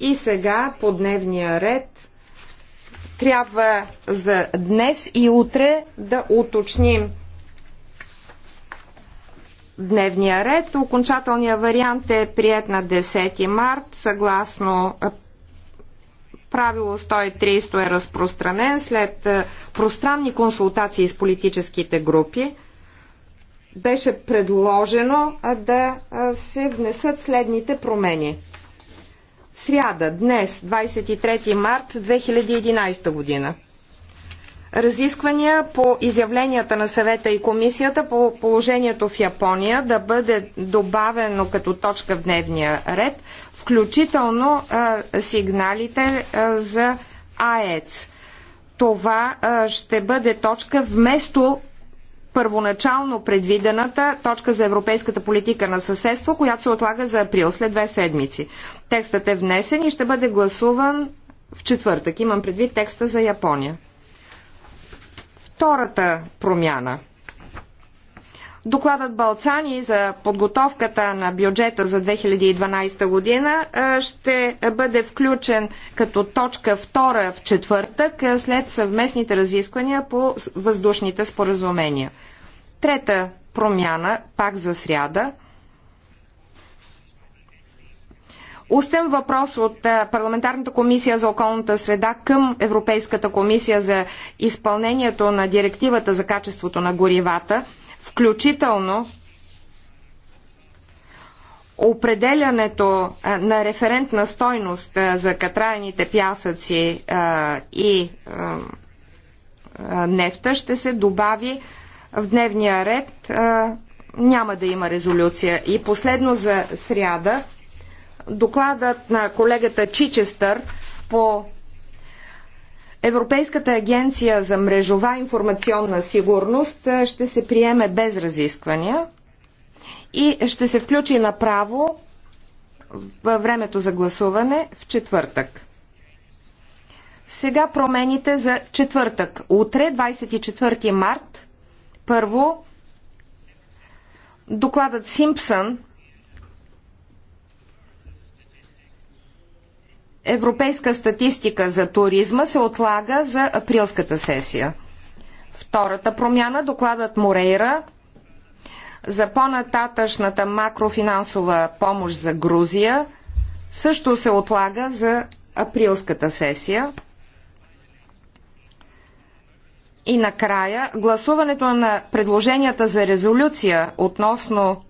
И сега по дневния ред трябва за днес и утре да уточним дневния ред. Окончателният вариант е прият на 10 март, съгласно е, правило 130 е разпространен след е, пространни консултации с политическите групи. Беше предложено да се внесат следните промени. Сряда, днес, 23 март 2011 година. Разисквания по изявленията на съвета и комисията по положението в Япония да бъде добавено като точка в дневния ред, включително а, сигналите а, за АЕЦ. Това а, ще бъде точка вместо първоначално предвидената точка за европейската политика на съседство, която се отлага за април след две седмици. Текстът е внесен и ще бъде гласуван в четвъртък. Имам предвид текста за Япония. Втората промяна – Докладът Балцани за подготовката на бюджета за 2012 година ще бъде включен като точка втора в четвъртък след съвместните разисквания по въздушните споразумения. Трета промяна, пак за сряда. Устен въпрос от Парламентарната комисия за околната среда към Европейската комисия за изпълнението на директивата за качеството на горивата – включително определянето на референтна стойност за катрайните пясъци и нефта ще се добави в дневния ред. Няма да има резолюция. И последно за сряда. Докладът на колегата Чичестър по Европейската агенция за мрежова информационна сигурност ще се приеме без разисквания и ще се включи направо във времето за гласуване в четвъртък. Сега промените за четвъртък. Утре, 24 март, първо, докладът Симпсън европейска статистика за туризма се отлага за априлската сесия. Втората промяна, докладът Морейра за по-нататъчната макрофинансова помощ за Грузия също се отлага за априлската сесия. И накрая, гласуването на предложенията за резолюция относно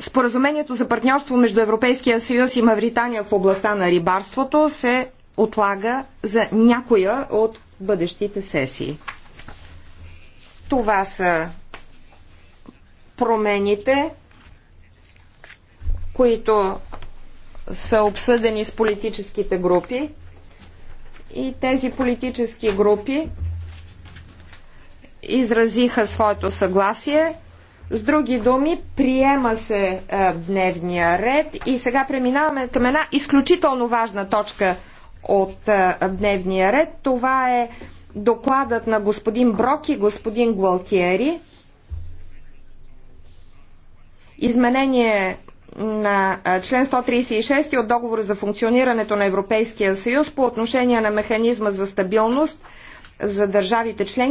Споразумението за партньорство между Европейския съюз и Мавритания в областта на рибарството се отлага за някоя от бъдещите сесии. Това са промените, които са обсъдени с политическите групи и тези политически групи изразиха своето съгласие с други думи, приема се а, е, дневния ред и сега преминаваме към една изключително важна точка от а, е, дневния ред. Това е докладът на господин Брок и господин Гуалтиери. Изменение на е, член 136 от договора за функционирането на Европейския съюз по отношение на механизма за стабилност за държавите членки.